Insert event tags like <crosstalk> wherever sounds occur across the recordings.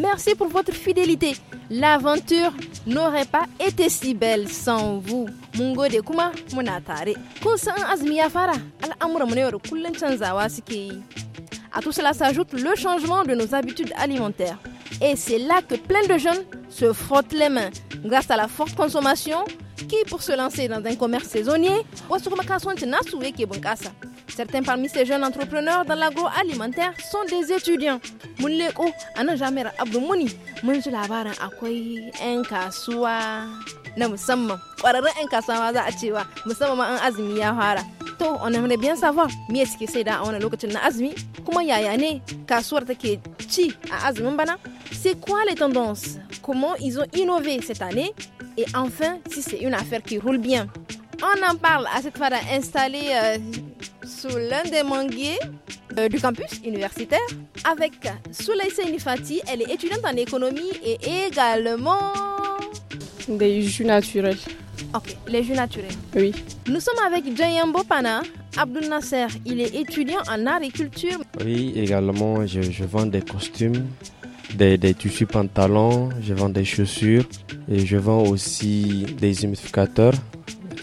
merci pour votre fidélité l'aventure n'aurait pas été si belle sans vous mun de kuma muna tare kun san ya fara à tout cela s'ajoute le changement de nos habitudes alimentaires et c'est là que plein de jeunes se frottent les mains grâce à la forte consommation qui pour se lancer dans un commerce saisonnier wasu yake Certains parmi ces jeunes entrepreneurs dans l'agroalimentaire sont des étudiants. Munleko ana jamera abu muni, mun ji labarin akwai 'yan kasuwa na musamman. Ƙwararrun 'yan kasuwa za a cewa musamman an azumi ya fara. To, on aimerait bien savoir me est-ce que c'est dans lokacin na azumi, kuma yaya ne kasuwar qui ci a azumin bana? C'est quoi les tendances? Comment ils ont innové cette année? Et enfin, si c'est une affaire qui roule bien. On en parle à cette fois d'installer... euh, sous l'un des manguiers euh, du campus universitaire avec Souley Nifati. Elle est étudiante en économie et également. Des jus naturels. Ok, les jus naturels. Oui. Nous sommes avec Jayambo Pana. Abdul Nasser, il est étudiant en agriculture. Oui, également, je, vends des costumes, des, tissus pantalons, je vends des chaussures et je vends aussi des humidificateurs,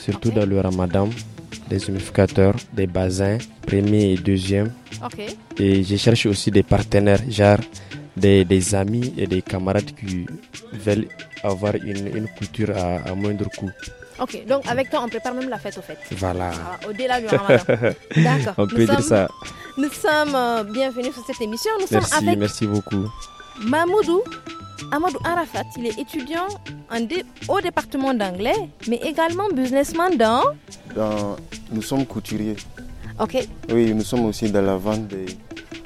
surtout dans le ramadan des humidificateurs, des bassins, premier et deuxième. Et je cherche aussi des partenaires, genre des, amis et des camarades qui veulent avoir une, couture à, moindre coût. Ok, donc avec toi, on prépare même la fête au fait. Voilà. Ah, au-delà du <laughs> D'accord. On peut dire ça. Nous sommes euh, bienvenus sur cette émission. Nous merci, sommes avec merci beaucoup. Mamoudou Amadou Arafat, il est étudiant au département d'anglais, mais également businessman dans... dans... Nous sommes couturiers. Ok. Oui, nous sommes aussi dans la vente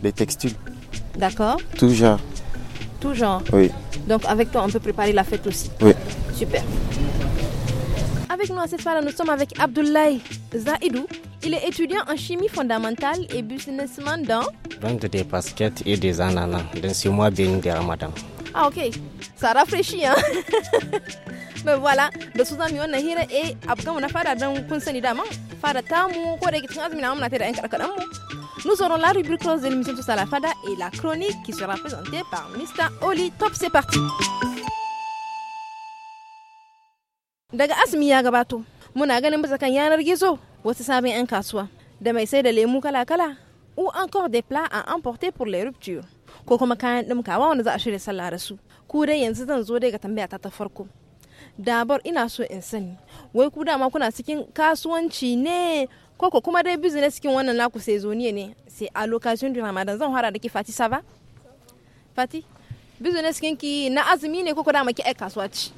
des, textiles. D'accord. Toujours. Toujours. Oui. Donc avec toi, on peut préparer la fête aussi. Oui. Super. Avec nous à cette fois-là, nous sommes avec Abdoulaye Zaidou. Il est étudiant en chimie fondamentale et businessman dans... Vente des baskets et des ananas dans ce mois de Ramadan. Ah, ok. Ça rafraîchit, hein <laughs> Mais voilà, da su zamu wannan hira eh abga mu na fara dan kun sani dama fara tamu ko da kitin azumi na muna tare da yan karkaran mu. Nous aurons la rubrique close de l'émission Tous à la Fada et la chronique qui sera présentée par Mr. Oli. Top, c'est parti. Daga Asmi ya gabato, muna ganin bisa kan yanar gizo wasu sabon 'yan kasuwa da mai sai lemu kala-kala ou encore des plats à emporter pour les ruptures ko kuma kayan ɗimkawa wanda za a shirya sallah da su ku dai yanzu zan zo dai ga tambaya ta ta farko dabar ina so in sani wai ku dama kuna cikin kasuwanci ne koko kuma dai business kin wannan naku sai sezoniye ne sai a lokacin du ramadan zan fara da ke fati saba fati business kin ki na azumi ne koko dama ki ai kasuwa ci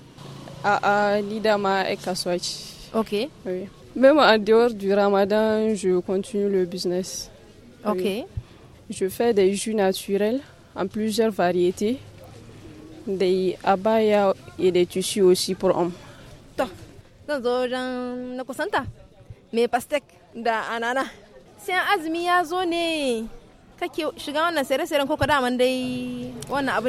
a a ni dama ai kasuwa ci okay oui. même en dehors du ramadan je continue le business okay oui. je fais des jus naturels en plusieurs variétés, des abayas et des tissus aussi pour hommes. Mais zo na kusanta mais pastek da anana C'est un ya zo ne kake shiga wannan sayar-sayar koko daman dai wannan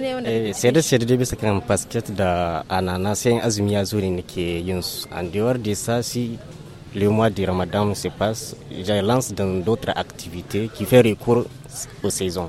c'est da anana ya zo ne ke yin su and de ça, le mois de Ramadan se passe, je lance dans d'autres activités qui font recours aux saisons.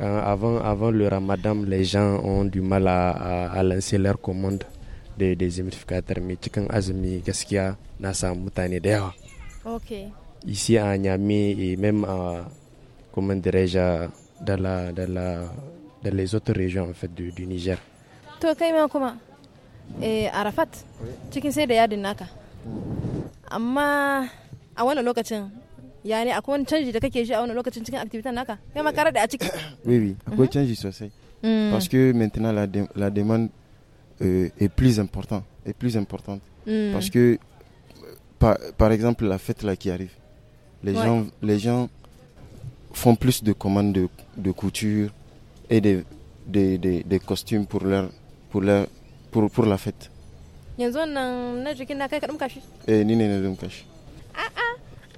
Euh, avant, avant le ramadan, les gens ont du mal à, à, à lancer leur commande de, des humidificateurs, mais cikin azumi gaskiya na samu mutane da yawa. Ok. Ici à Niamey et même à, comment dirais-je, dans, la, dans, la, dans les autres régions en fait, du, du Niger. To kai ma kuma, eh, Arafat, Tu sai da yadin naka. Amma a wannan lokacin ya ne akwai wani canji da kake ji a wani lokacin cikin activity naka kai ma kare da a ciki <coughs> oui oui akwai mhm. canji sosai mm. parce que maintenant la, de, la demande euh, est plus important est plus importante mm. parce que par, par, exemple la fête là qui arrive les ouais. gens les gens font plus de commandes de, de couture et des des, des, des costumes pour leur pour leur pour, pour la fête yanzu wannan na jikin na kai ka dumka shi eh ni ne na dumka shi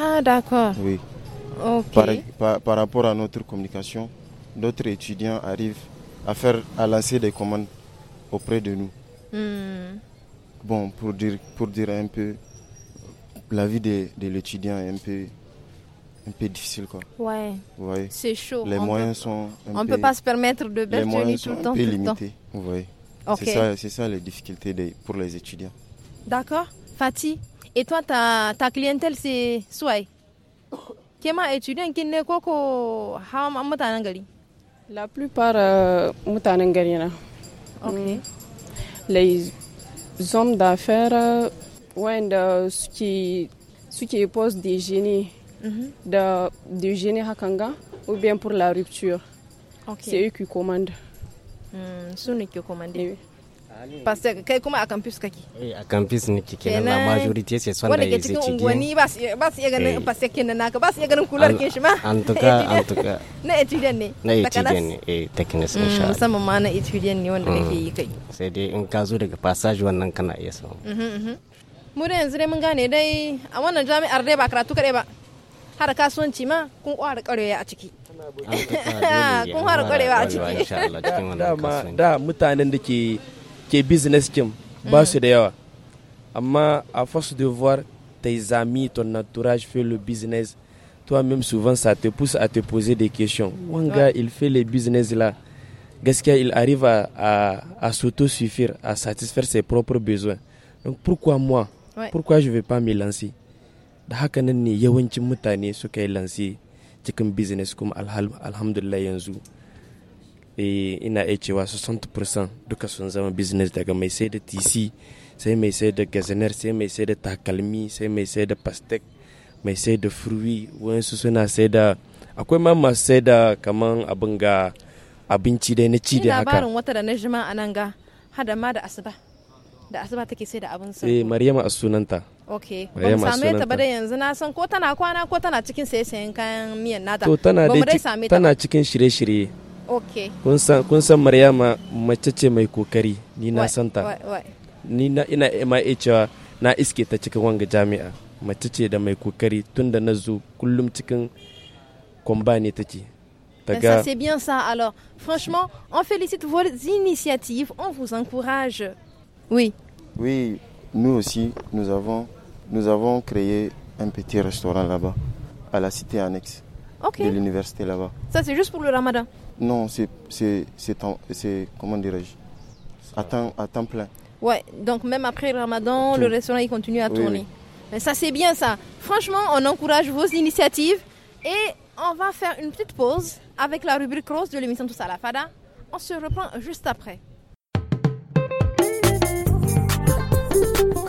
Ah, d'accord. Oui. Ok. Par, rapport à notre communication, d'autres étudiants arrivent à, faire, à lancer des commandes auprès de nous. Hmm. Bon, pour dire, pour dire un peu, la vie de, l'étudiant est un peu, un peu difficile. Quoi. Ouais. C'est chaud. Les on moyens peut, sont. on ne peut pas se permettre de belles tout le temps. Un peu limités. Ok. C'est ça, ça, les difficultés pour les étudiants. D'accord. Fatih, et toi, ta, ta clientèle, c'est Souai. Kema étudiant qui ne koko ham mutanangari. La plupart en euh, mutanangari na. OK. Mm. Les hommes d'affaires euh, ouais, qui suke pose des génies mm -hmm. de, des génies hakanga ou bien pour la rupture. Okay. C'est eux qui commandent. Mm, ce qui commandent. Eh oui. pastor kai kuma a campus kake eh a campus ne kike nan la majority ce son da yake cikin unguwanni ba su ba su iya ganin eh. pastor kenan naka ba su iya ganin kular ke shi ma an tuka an tuka na etudiant ne na etudiant ne eh technician mm, insha Allah musamman ma na etudiant ne wanda kake mm. yi kai sai dai in ka zo daga passage wannan kana iya samu mm-hmm, mm-hmm. mu da yanzu dai mun gane dai a wannan jami'ar dai ba karatu kadai ba har kasuwanci ma kun kwara kwarewa a ciki <laughs> kun har kwarewa a ciki da mutanen da ke business team, ba mm. su à À force de voir tes amis ton entourage fait le business toi-même souvent ça te pousse à te poser des questions gars, il fait le business là Est-ce qu'il arrive à, à, à s'auto-suffire, à satisfaire ses propres besoins. Donc pourquoi moi Pourquoi je ne vais pas me lancer Da ne ce mutane suka lancer dans un business comme alhamdulillah yanzu E, ina iya cewa 60% duka sun zama business daga mai sai da tc sai mai sai da gazanar sai mai sai da takalmi sai mai sai da pastek mai sai da furwi wayansu suna sai da akwai ma masu sai da kaman abin ga abinci dai na ci da haka labarin wata da na jima a nan ga hada ma da asuba da asuba take sai da abin sa eh maryama a sunanta ok ba mu same ta ba da yanzu na san ko tana kwana ko tana cikin saye sayen kayan miyan nata to tana dai tana cikin shirye-shirye kun san maryama mace ce mai kokari ni na santa ni na ina ma cewa na iske ta cikin wanga jami'a mace ce da mai kokari tun da na zo kullum cikin kwamba ne take ben, Ça, c'est bien ça. Alors, franchement, on félicite vos initiatives, on vous encourage. Oui. Oui, nous aussi, nous avons, nous avons créé un petit restaurant là-bas, à la cité annexe de l'université là-bas. Ça, c'est juste pour le ramadan non, c'est, c'est, comment dirais-je, à temps, à temps plein. Ouais, donc même après le ramadan, le restaurant il continue à tourner. Mais ça c'est bien ça. Franchement, on encourage vos initiatives et on va faire une petite pause avec la rubrique rose de l'émission Tous à la Fada. On se reprend juste après.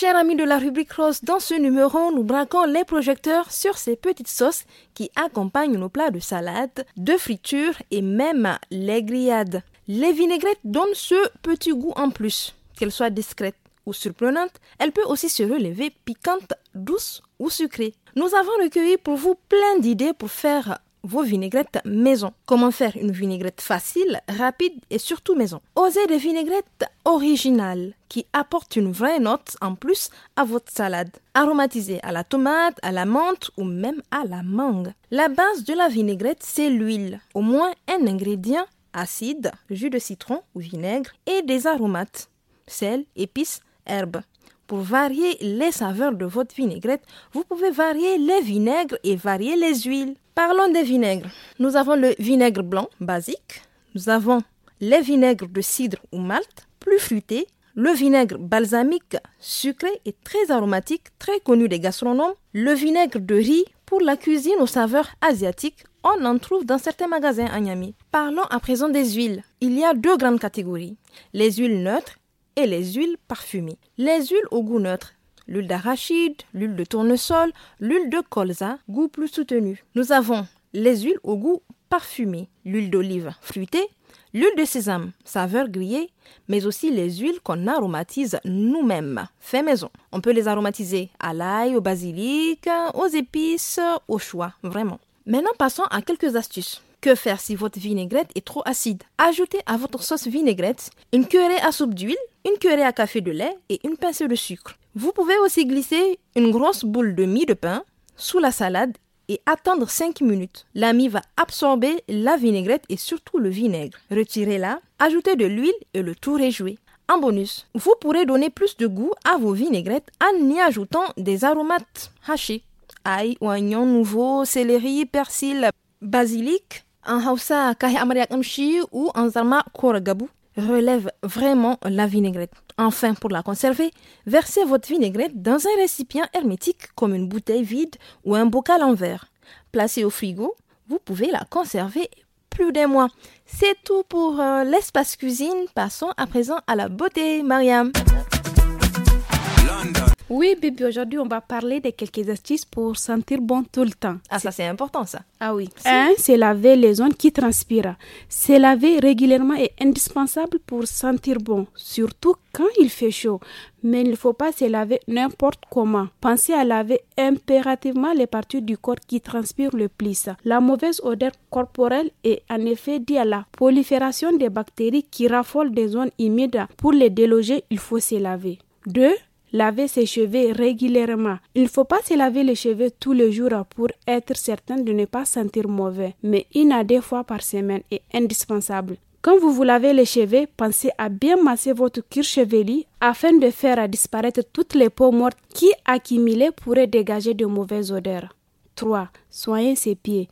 Chers amis de la rubrique Rose, dans ce numéro, nous braquons les projecteurs sur ces petites sauces qui accompagnent nos plats de salade, de friture et même les grillades. Les vinaigrettes donnent ce petit goût en plus. Qu'elles soient discrètes ou surprenantes, elles peuvent aussi se relever piquantes, douces ou sucrées. Nous avons recueilli pour vous plein d'idées pour faire vos vinaigrettes maison. Comment faire une vinaigrette facile, rapide et surtout maison. Osez des vinaigrettes originales qui apportent une vraie note en plus à votre salade. Aromatisée à la tomate, à la menthe ou même à la mangue. La base de la vinaigrette, c'est l'huile. Au moins un ingrédient acide, jus de citron ou vinaigre et des aromates, sel, épices, herbes. Pour varier les saveurs de votre vinaigrette, vous pouvez varier les vinaigres et varier les huiles. Parlons des vinaigres. Nous avons le vinaigre blanc basique, nous avons les vinaigres de cidre ou malt, plus fruité, le vinaigre balsamique sucré et très aromatique, très connu des gastronomes, le vinaigre de riz pour la cuisine aux saveurs asiatiques, on en trouve dans certains magasins à Parlons à présent des huiles. Il y a deux grandes catégories, les huiles neutres les huiles parfumées. Les huiles au goût neutre l'huile d'arachide, l'huile de tournesol, l'huile de colza, goût plus soutenu. Nous avons les huiles au goût parfumé, l'huile d'olive fruitée, l'huile de sésame, saveur grillée, mais aussi les huiles qu'on aromatise nous-mêmes, fait maison. On peut les aromatiser à l'ail, au basilic, aux épices, au choix, vraiment. Maintenant, passons à quelques astuces. Que faire si votre vinaigrette est trop acide Ajoutez à votre sauce vinaigrette une cuillerée à soupe d'huile, une cuillerée à café de lait et une pincée de sucre. Vous pouvez aussi glisser une grosse boule de mie de pain sous la salade et attendre 5 minutes. La mie va absorber la vinaigrette et surtout le vinaigre. Retirez-la, ajoutez de l'huile et le tout réjouit. En bonus, vous pourrez donner plus de goût à vos vinaigrettes en y ajoutant des aromates hachés. Ail, oignon nouveau, céleri, persil, basilic, en hausa kahi ou en zarma koragabu relève vraiment la vinaigrette. Enfin, pour la conserver, versez votre vinaigrette dans un récipient hermétique comme une bouteille vide ou un bocal en verre. Placée au frigo, vous pouvez la conserver plus d'un mois. C'est tout pour euh, l'espace cuisine. Passons à présent à la beauté, Mariam. Oui, bébé, aujourd'hui, on va parler de quelques astuces pour sentir bon tout le temps. Ah, ça, c'est important, ça. Ah oui. Un, hein, c'est laver les zones qui transpirent. Se laver régulièrement est indispensable pour sentir bon, surtout quand il fait chaud. Mais il ne faut pas se laver n'importe comment. Pensez à laver impérativement les parties du corps qui transpirent le plus. La mauvaise odeur corporelle est en effet due à la prolifération des bactéries qui raffolent des zones humides. Pour les déloger, il faut se laver. 2 laver ses cheveux régulièrement. Il ne faut pas se laver les cheveux tous les jours pour être certain de ne pas sentir mauvais, mais une à deux fois par semaine est indispensable. Quand vous vous lavez les cheveux, pensez à bien masser votre cuir chevelu afin de faire disparaître toutes les peaux mortes qui accumulées pourraient dégager de mauvaises odeurs. 3. Soyez ses pieds.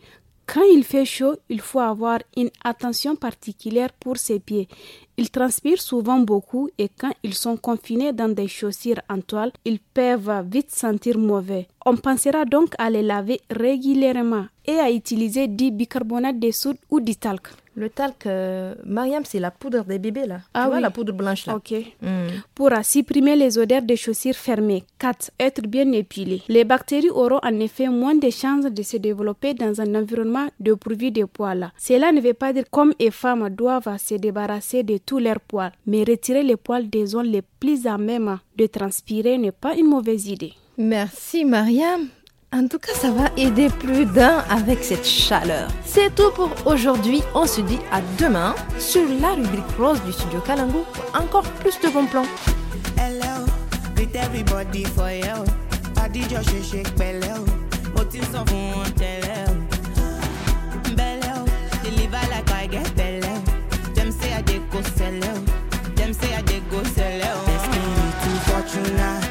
Quand il fait chaud, il faut avoir une attention particulière pour ses pieds. Ils transpirent souvent beaucoup et quand ils sont confinés dans des chaussures en toile, ils peuvent vite sentir mauvais. On pensera donc à les laver régulièrement et à utiliser du bicarbonate de soude ou du talc. Le talc, euh, Mariam, c'est la poudre des bébés, là. Ah tu la poudre blanche, là. OK. Hmm. Pour supprimer les odeurs des chaussures fermées. 4. Être bien épilé. Les bactéries auront en effet moins de chances de se développer dans un environnement de de, de poils. Cela ne veut pas dire qu'hommes et femmes doivent se débarrasser de tous leurs poils, mais retirer les poils des zones les plus à même de transpirer n'est pas une mauvaise idée. Merci, Mariam. En tout cas, ça va aider plus d'un avec cette chaleur. C'est tout pour aujourd'hui. On se dit à demain sur la rubrique rose du studio Kalango pour encore plus de bons plans. Hello, greet everybody for you. Party just shake shake belly. Mo ti sọ fún deliver like I get belle. J'aime say I dey go sell o. say I dey go sell o. Let's be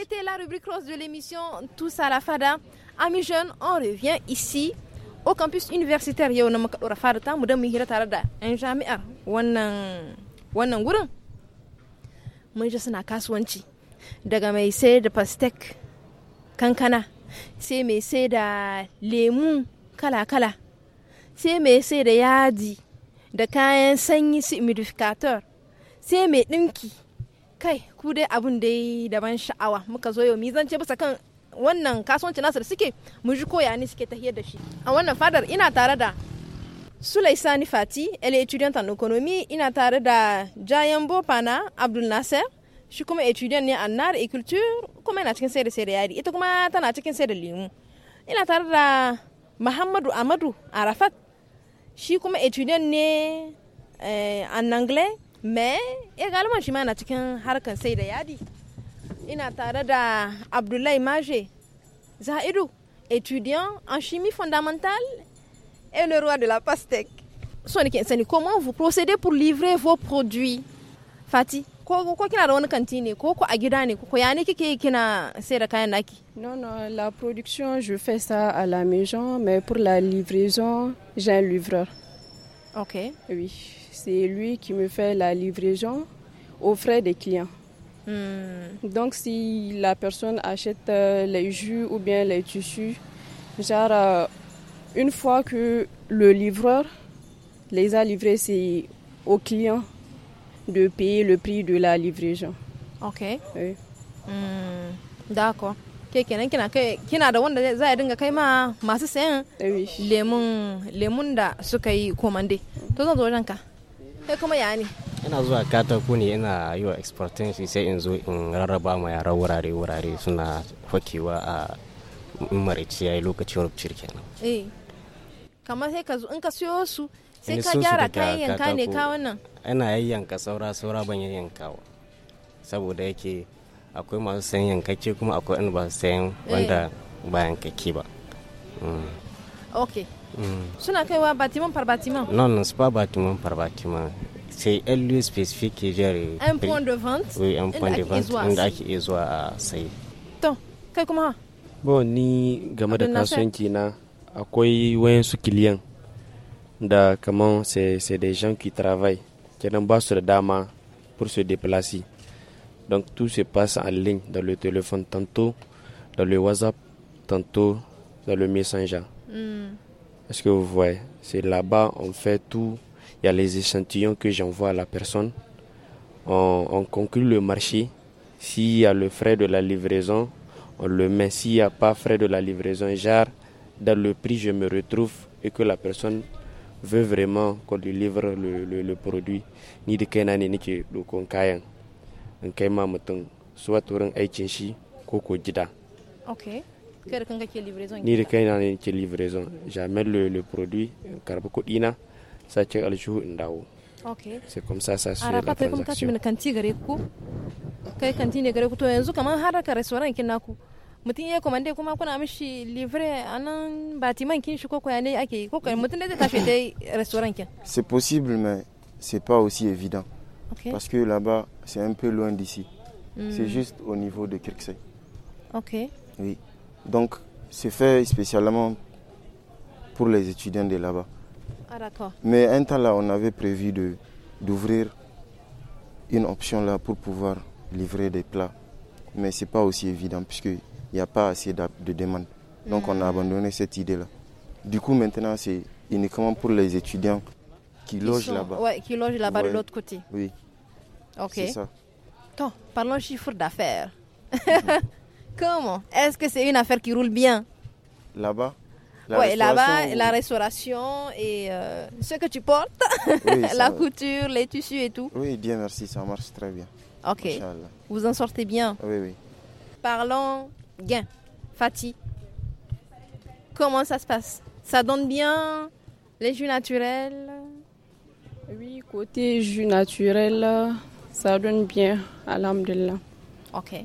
C'était la rubrique rose de l'émission Tous à la Fada. Amis jeunes, on revient ici au campus universitaire. Yau na muka dora fara tamu don mu hira tare da yan jami'ar wannan wannan gurin. Mun ji suna kasuwanci daga mai sai pastèque. kankana sai mai sai da lemu kala-kala sai mai sai da yaji da kayan sanyi su humidificateur sai mai ɗinki kai ku dai abun dai daban sha'awa muka zo yau mizance bisa kan wannan kasuwanci nasu da suke mu ji koya ne suke tahiyar da shi a wannan fadar ina tare da Sulai Sani Fati, elle étudiante en économie, ina tare da Jayan Bopana Abdul nasir shi kuma étudiant ne a nar culture, kuma yana cikin sayar da sayar da yari, ita kuma tana cikin sayar da lemu. Ina tare da Muhammadu Amadu Arafat, shi kuma étudiant ne a eh, nangle Mais également, galiman shi ma na cikin harkar sai da yadi ina tare da abdullahi maje za'idu étudiant en chimie fondamentale et le roi de la pastèque sonic comment vous procédez pour livrer vos produits fati ko ko kina da wani Quoi ne ko ko a gida ne ko ya ne kike kina sai kayan non non la production je fais ça à la maison mais pour la livraison j'ai un livreur ok oui c'est lui qui me fait la livraison aux frais des clients. Hmm. Donc si la personne achète euh, les jus ou bien les tissus, genre euh, une fois que le livreur les a livrés, c'est au client de payer le prix de la livraison. Ok. Hmm. D'accord. les kenan kina kai kina da wanda za a dinga kai ma kai kuma ya ne ina zuwa katako ne ina yi wa exporting shi sai in zo in rarraba ma yara wurare wurare suna fakewa a marici ya yi lokacin rupcir kenan eh kamar sai ka zo in ka siyo su sai ka gyara kayan yanka ne ka wannan ina yayyanka saura saura ban wa saboda yake akwai masu sayan yankakke kuma akwai in ba su sayan eh. wanda ba yankakke ba mm. C'est un kaiwa bâtiment par bâtiment Non, non, c'est pas un bâtiment par bâtiment. C'est un lieu spécifique qui gère. Un point de vente? Oui, un point de vente. Un ake zuwa a Bon, ni de da qui na akwai un da c'est des gens qui travaillent qui ba su le dama pour se déplacer. Donc tout se passe en ligne dans le téléphone tantôt, dans le WhatsApp tantôt, dans le Messenger. Mm. Est-ce que vous voyez, c'est là-bas, on fait tout. Il y a les échantillons que j'envoie à la personne. On, conclut le marché. S'il y a le frais de la livraison, on le met. S'il n'y a pas frais de la livraison, genre, dans le prix, je me retrouve et que la personne veut vraiment qu'on lui livre le, produit. Ni de Kenani. ni de soit ni da kaina ne ke livraison jamais le, le produit euh, karbi kuɗi na sace aljihu in dawo Okay. sai kuma ça sa su da kai kuma kaci kanti gare ku kai kanti ne gare ku to yanzu kaman har ka restaurant kin naku mutum ya komande kuma kuna mishi livre anan batiman kin shi ko koya ne ake ko mutum da zai tashi dai restaurant kin c'est possible mais c'est pas aussi évident okay. parce que là-bas c'est un peu loin d'ici mm. c'est juste au niveau de Kirksey. OK oui donc, c'est fait spécialement pour les étudiants de là-bas. Ah, Mais un temps là, on avait prévu de, d'ouvrir une option là pour pouvoir livrer des plats. Mais ce n'est pas aussi évident puisqu'il n'y a pas assez de, demandes. Donc, on a hmm. abandonné cette idée-là. Du coup, maintenant, c'est uniquement pour les étudiants qui logent là-bas. Oui, qui logent là-bas de l'autre côté. Oui. Ok. C'est ça. parlons chiffre d'affaires. <laughs> Comment Est-ce que c'est une affaire qui roule bien Là-bas oui, là-bas, la restauration et ce que tu portes, <laughs> la couture, les tissus et tout. Oui, bien merci, ça marche très bien. Ok. Vous en sortez bien Oui, oui. Parlons gain. Fati, comment ça se passe Ça donne bien les jus naturels Oui, côté jus naturel, ça donne bien, alhamdulillah. Ok.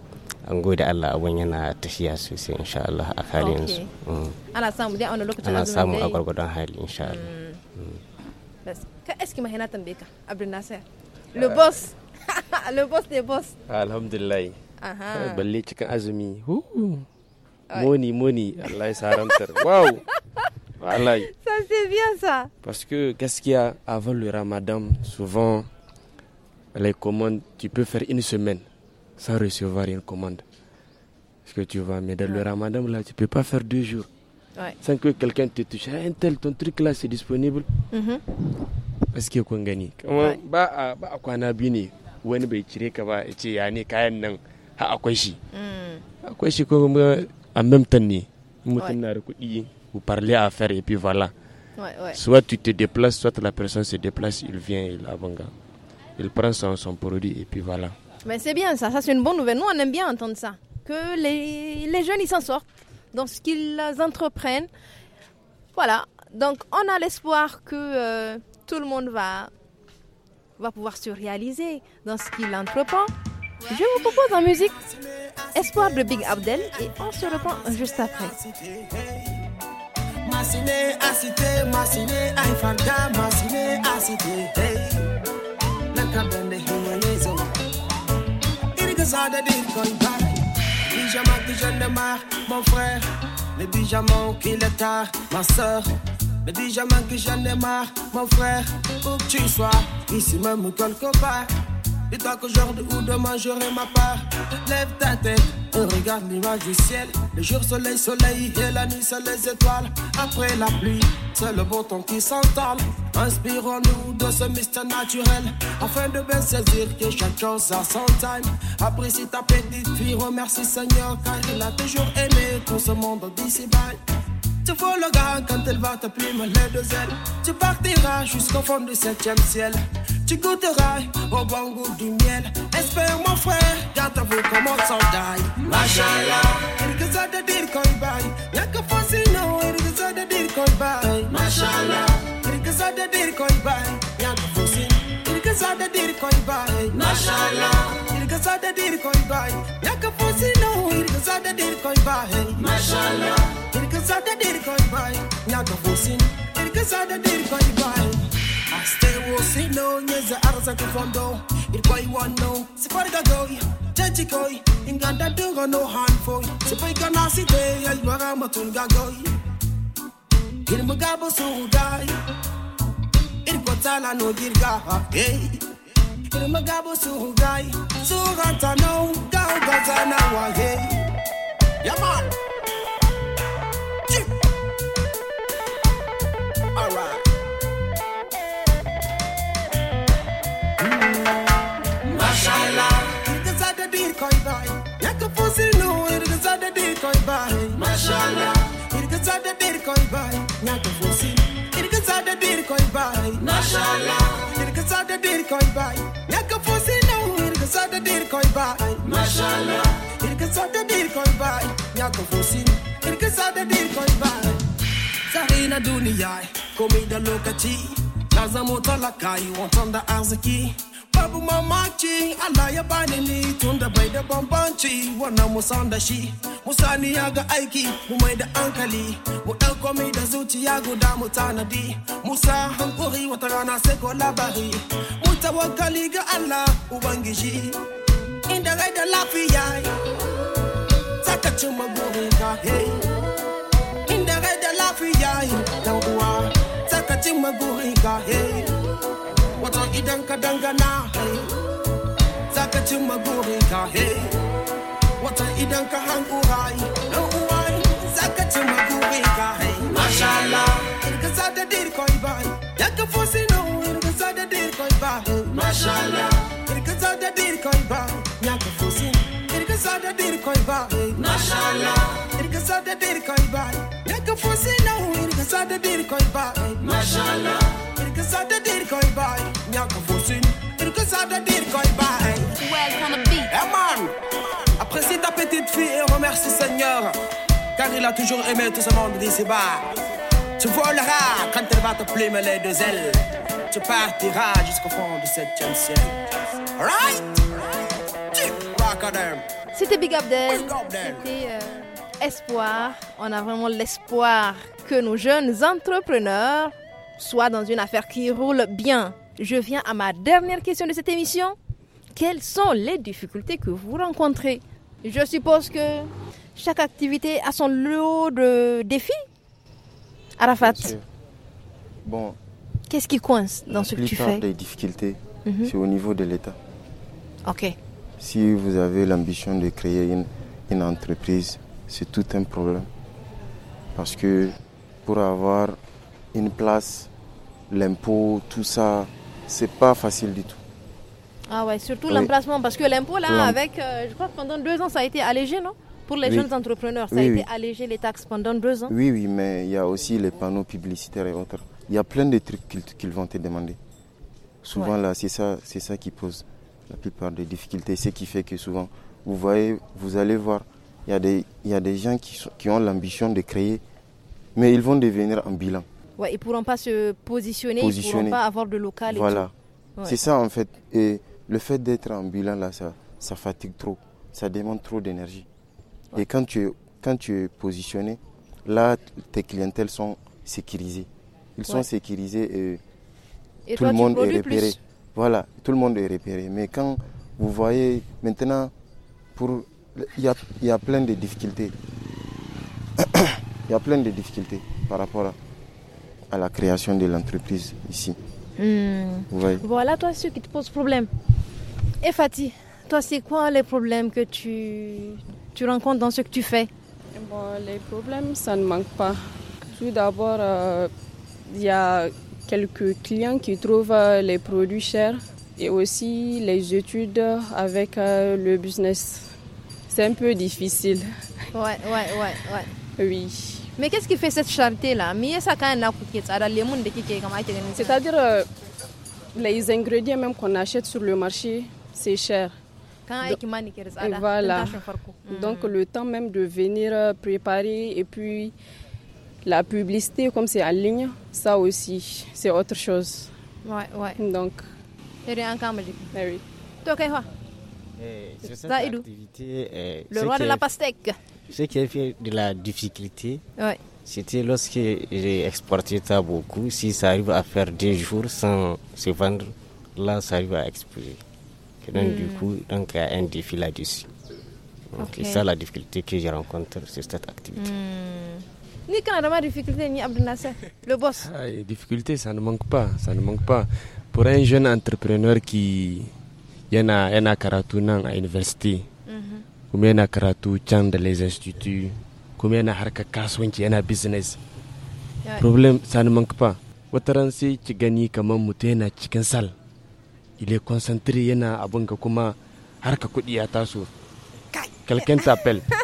an gode Allah abun yana tafiya sosai insha Allah a kare yanzu mm. ana samu dai a wani lokacin ana samu a gwargwadon hali insha Allah mm. Mm. ka eski mahina tambaye ka Abdul Nasir le boss <laughs> le boss ne boss alhamdulillah balle cikin azumi moni moni Allah ya saramtar wow Wallahi. Ça, c'est bien ça. Parce que qu'est-ce qu'il y a avant le ramadan Souvent, les commandes, tu peux faire une semaine sans recevoir une commande. Est-ce que tu vas Mais dans ouais. le ramadan, là, tu ne peux pas faire deux jours. Ouais. Sans que quelqu'un te touche. Eh, un tel, ton truc là, c'est disponible. Parce mm-hmm. que qu'on gagne. Bah, bah, qu'on a bien. Wani bai cire ka ba ya ce ya ne kayan nan ha akwai shi. Mm. Akwai shi kuma en même temps ni vous parlez à faire et puis voilà. Ouais, ouais. Soit tu te déplaces, soit la personne se déplace, il vient, il avance. Il prend son, son produit et puis voilà. Mais c'est bien ça, ça c'est une bonne nouvelle. Nous on aime bien entendre ça, que les, les jeunes ils s'en sortent dans ce qu'ils entreprennent. Voilà, donc on a l'espoir que euh, tout le monde va, va pouvoir se réaliser dans ce qu'il entreprend. Je vous propose en musique Espoir de Big Abdel et on se reprend juste après. Les de que je ne mon frère. Le pyjama qu'il est tard, ma soeur. Le pyjama que je ne mon frère. Où que tu sois, ici même ou quelque part. Dis-toi qu'aujourd'hui ou demain j'aurai ma part. Lève ta tête et regarde l'image du ciel. Le jour, soleil, soleil. Et la nuit, c'est les étoiles. Après la pluie, c'est le beau temps qui s'entale Inspirons-nous de ce mystère naturel. Afin de bien saisir que chaque chose a son time. Apprécie ta petite fille. Remercie Seigneur car il a toujours aimé pour ce monde d'ici-bas. Tu vois le gars quand elle va te plume les deux ailes. Tu partiras jusqu'au fond du septième ciel. tu goûteras au bon goût du miel. Espère mon frère, garde vous comme on s'en taille. Machala, irgıza da dir koy bay. Yaka fasino, irgıza da dir koy bay. Machala, irgıza da dir koy bay. Yaka fasin, irgıza da dir koy bay. Machala, irgıza da dir koy bay. Yaka fasino, irgıza da dir koy bay. Machala, irgıza da dir koy bay. Yaka fasin, irgıza da dir koy bay. Stay wo si no nyeze arasa kufondo Irkoi wano Sifari gagoi Chechi koi Inganda dungo no hanfoi Sipai kanasi te Yalwaga matun gagoi Irmugabo sugai Irkotala no girga Hey Irmugabo sugai Sugata no Gaugata na wa hey Yeah man koibai mashallah irgazada dir koi bai, koibai nyaka fosi irgazada dir koi koibai mashallah irgazada dir koi bai, koibai nyaka fosi no irgazada dir koi koibai mashallah irgazada dir koi bai, koibai nyaka fosi irgazada dir koi bai. koibai sarina dunia komida lokaci tazamo talakai wantanda arziki babu mamaci Allah ya bani ni tun da bai da bambanci wannan musan da shi musani ya ga aiki mu mai da hankali mu ɗan komai da zuciya guda mu tanadi musa hankuri wata rana sai ko labari mu tawakkali ga Allah ubangiji inda rai da lafiya saka cin magorinka inda rai da lafiya dan uwa saka cin magorinka hey wato idan ka dangana za ka cimma burinka wata idan ka hankura dan uwa za ka cimma burinka masha Allah irga za da dirkoi ba ya ka fosi no irga za da dirkoi ba masha irga za da dirkoi ba ya ka fosi irga za da dirkoi ba masha irga za da dirkoi ba ya ka fosi no irga za da dirkoi ba masha irga za da dirkoi ba ñàkk foosin que apprécie ta petite fille et remercie Seigneur car il a toujours aimé tout ce monde d'ici-bas tu voleras quand elle va te plumer les deux ailes tu partiras jusqu'au fond de cette ciel right c'était Big Abdel, c'était euh, Espoir. On a vraiment l'espoir que nos jeunes entrepreneurs soient dans une affaire qui roule bien je viens à ma dernière question de cette émission. Quelles sont les difficultés que vous rencontrez Je suppose que chaque activité a son lot de défis. Arafat. Bon. Qu'est-ce qui coince dans ce que tu fais Les difficultés, mhm. c'est au niveau de l'État. Ok. Si vous avez l'ambition de créer une entreprise, c'est tout un problème. Parce que pour avoir une place, l'impôt, tout ça, c'est pas facile du tout. Ah ouais, surtout l'emplacement, parce que l'impôt, là, avec, euh, je crois que pendant deux ans, ça a été allégé, non Pour les jeunes entrepreneurs, ça a été allégé les taxes pendant deux ans Oui, oui, mais il y a aussi les panneaux publicitaires et autres. Il y a plein de trucs qu'ils vont te demander. Souvent, là, c'est ça, c'est ça qui pose la plupart des difficultés. Ce qui fait que souvent, vous voyez, vous allez voir, il y a des, il y des gens qui, qui ont l'ambition de créer, mais ils vont devenir bilan ils ne pourront pas se positionner, ils pourront pas avoir de local. Voilà. C'est ça en fait. Et le fait d'être ambulant là, ça, fatigue trop. Ça demande trop d'énergie. Et quand tu, es, quand tu es positionné, là, tes clientèles sont sécurisées. Ils sont sécurisés et, tout le monde est repéré. Voilà, tout le monde est repéré. Mais quand vous voyez maintenant, pour il y y a plein de difficultés. <coughs> Il y a plein de difficultés par rapport à à la création de l'entreprise ici. Hmm. Voilà, toi, ce qui te pose problème. Et eh, Fatih, toi, c'est quoi les problèmes que tu, tu rencontres dans ce que tu fais Les problèmes, ça ne manque pas. Tout d'abord, euh, il y a quelques clients qui trouvent euh, les produits chers et aussi les études avec euh, le business. C'est un peu difficile. Ouais, ouais, ouais, ouais. Oui. Mais qu'est-ce qui fait cette charité-là C'est-à-dire, euh, les ingrédients même qu'on achète sur le marché, c'est cher. Donc, voilà. Donc hmm. le temps même de venir euh, préparer et puis la publicité comme c'est en ligne, ça aussi c'est autre chose. Ouais, ouais. Donc. Eh oui. Eh, cette activité, eh, le roi de la pastèque. Ce qui a fait de la difficulté, c'était lorsque j'ai exporté ça beaucoup. Si ça arrive à faire deux jours sans se vendre, là, ça arrive à exploser. donc, du hmm. coup, donc, il y a un défi là-dessus. C'est ça la difficulté que j'ai rencontrée, sur cette activité. Hmm. Ni mmh. difficulté ni le boss. Ah, difficulté, ça ne manque pas, ça ne manque pas. Pour un jeune entrepreneur qui y en a, à l'université, kuma yana karatu can dans les institut kuma yana harkar kasuwanci yana business problem sani mankafa wata ran sai ki gani kamar mutum yana cikin sal est concentré yana abin kuma harka kudi ya taso kalken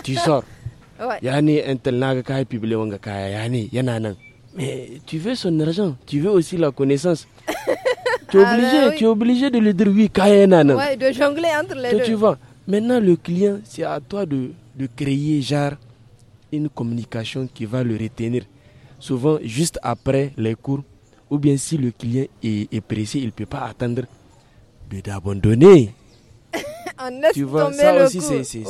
tu sors. Ouais. Yani intel naga kai kayi wanga kaya yani ne yana nan mais tu veux son argent tu veux aussi la connaissance <laughs> tu es ah, obligé ben tu es obligé de lui dire oui kaya nan ouais de jongler entre les deux tu vois Maintenant, le client, c'est à toi de, créer genre une communication qui va le retenir. Souvent, juste après les cours, ou bien si le client est, pressé, il ne peut pas attendre de d'abandonner. <laughs> tu vois, ça aussi, c'est,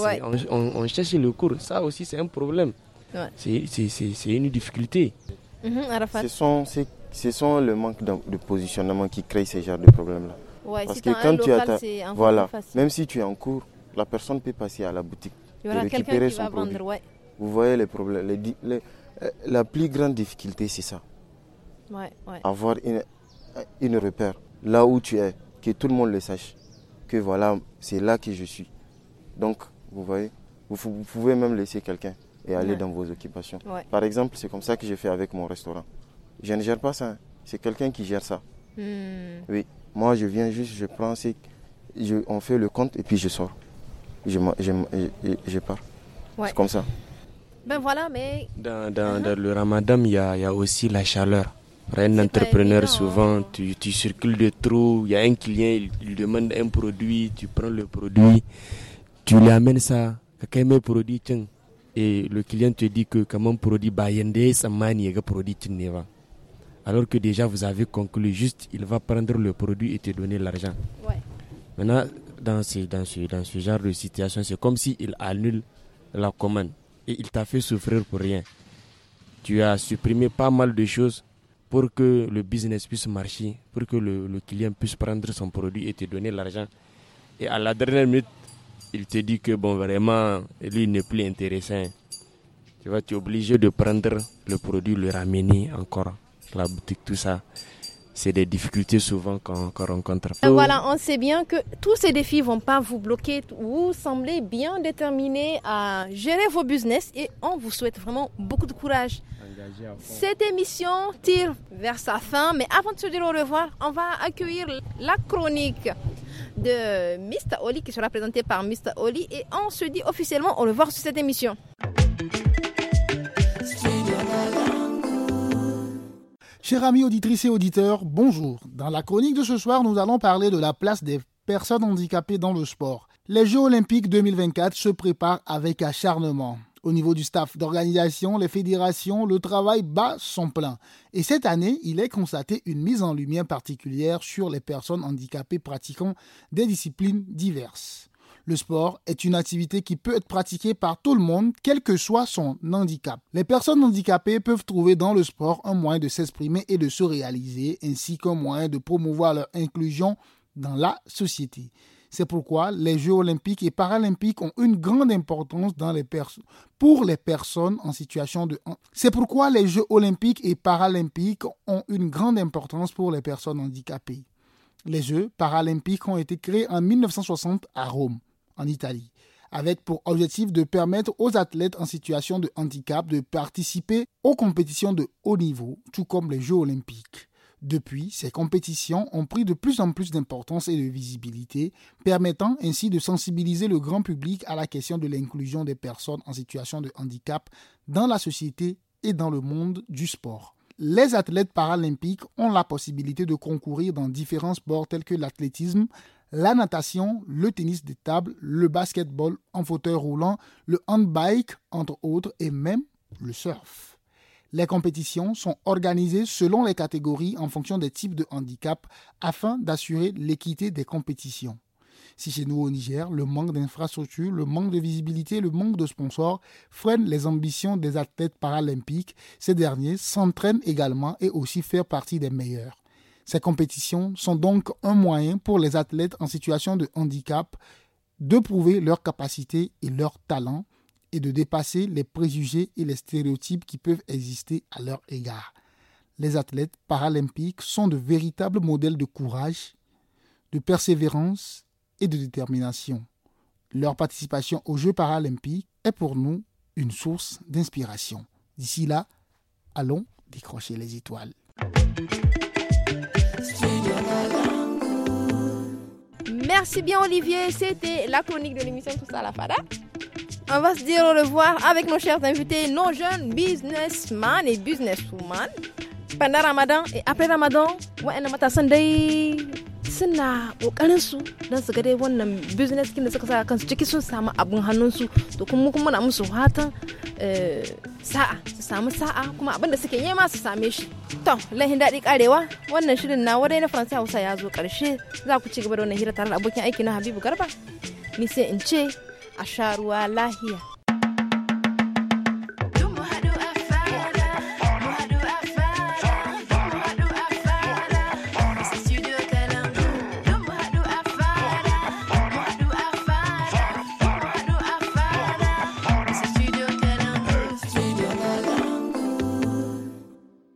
on, cherche le cours. Ça aussi, c'est un problème. C'est, une difficulté. Mhm, ce, sont, ce sont le manque de, positionnement qui crée ce genre de problème-là. Parce que quand tu as voilà, même si tu es en cours, la personne peut passer à la boutique. Il y aura Vous voyez les problèmes. Les, euh, la plus grande difficulté, c'est ça. Avoir une, repère là où tu es, que tout le monde le sache, que voilà, c'est là que je suis. Donc, vous voyez, vous, pouvez même laisser quelqu'un et aller dans vos occupations. Par exemple, c'est comme ça que je fais avec mon restaurant. Je ne gère pas ça, hein. c'est quelqu'un qui gère ça. Hmm. Oui, moi je viens juste, je prends, je, on fait le compte et puis je sors je, je, je, pars. C'est comme ça. Ben voilà, mais. Dans, uh-huh. le ramadan, il y a, y a, aussi la chaleur. Un entrepreneur, souvent, hein. tu, tu, circules de trop, il y a un client, il, demande un produit, tu prends le produit, tu lui amènes ça, quelqu'un produit, Et le client te dit que comment produit Bayende, ça produit, alors que déjà vous avez conclu juste il va prendre le produit et te donner l'argent. Maintenant, dans ce, genre de situation, c'est comme s'il annule la commande et il t'a fait souffrir pour rien. Tu as supprimé pas mal de choses pour que le business puisse marcher, pour que le, client puisse prendre son produit et te donner l'argent. Et à la dernière minute, il te dit que bon, vraiment, lui, n'est plus intéressant. Tu vas tu es obligé de prendre le produit, le ramener encore, la boutique, tout ça c'est des difficultés souvent qu'on rencontre. Euh, voilà, on sait bien que tous ces défis vont pas vous bloquer. Vous semblez bien déterminé à gérer vos business et on vous souhaite vraiment beaucoup de courage. Cette émission tire vers sa fin, mais avant de se dire au revoir, on va accueillir la chronique de Mr. Oli qui sera présentée par Mr. Oli et on se dit officiellement au revoir sur cette émission. Chers amis auditrices et auditeurs, bonjour. Dans la chronique de ce soir, nous allons parler de la place des personnes handicapées dans le sport. Les Jeux olympiques 2024 se préparent avec acharnement. Au niveau du staff d'organisation, les fédérations, le travail bat son plein. Et cette année, il est constaté une mise en lumière particulière sur les personnes handicapées pratiquant des disciplines diverses. Le sport est une activité qui peut être pratiquée par tout le monde, quel que soit son handicap. Les personnes handicapées peuvent trouver dans le sport un moyen de s'exprimer et de se réaliser, ainsi qu'un moyen de promouvoir leur inclusion dans la société. C'est pourquoi les Jeux olympiques et paralympiques ont une grande importance pour les personnes en situation de C'est pourquoi les Jeux olympiques et paralympiques ont une grande importance pour les personnes handicapées. Les Jeux paralympiques ont été créés en 1960 à Rome en Italie, avec pour objectif de permettre aux athlètes en situation de handicap de participer aux compétitions de haut niveau, tout comme les Jeux olympiques. Depuis, ces compétitions ont pris de plus en plus d'importance et de visibilité, permettant ainsi de sensibiliser le grand public à la question de l'inclusion des personnes en situation de handicap dans la société et dans le monde du sport. Les athlètes paralympiques ont la possibilité de concourir dans différents sports tels que l'athlétisme, la natation, le tennis de table, le basketball en fauteuil roulant, le handbike, entre autres, et même le surf. Les compétitions sont organisées selon les catégories en fonction des types de handicap afin d'assurer l'équité des compétitions. Si chez nous au Niger, le manque d'infrastructures, le manque de visibilité, le manque de sponsors freinent les ambitions des athlètes paralympiques, ces derniers s'entraînent également et aussi faire partie des meilleurs. Ces compétitions sont donc un moyen pour les athlètes en situation de handicap de prouver leurs capacités et leurs talents et de dépasser les préjugés et les stéréotypes qui peuvent exister à leur égard. Les athlètes paralympiques sont de véritables modèles de courage, de persévérance et de détermination. Leur participation aux Jeux paralympiques est pour nous une source d'inspiration. D'ici là, allons décrocher les étoiles. Merci bien Olivier, c'était la chronique de l'émission Tout ça la Fada. On va se dire au revoir avec nos chers invités, nos jeunes businessmen et businesswomen. Pendant Ramadan et après Ramadan, on va dai suna kokarin su don su ga dai wannan business kin da suka kansu abun hannun su to musu fatan Eh, sa'a su samu sa'a kuma abin da suke nema su same shi to lahin daɗi karewa wannan shirin na wadai na faransa hausa ya zo ƙarshe za ku ci gaba da wannan hira tare da abokin aiki na habibu garba ni sai in ce a sha ruwa lahiya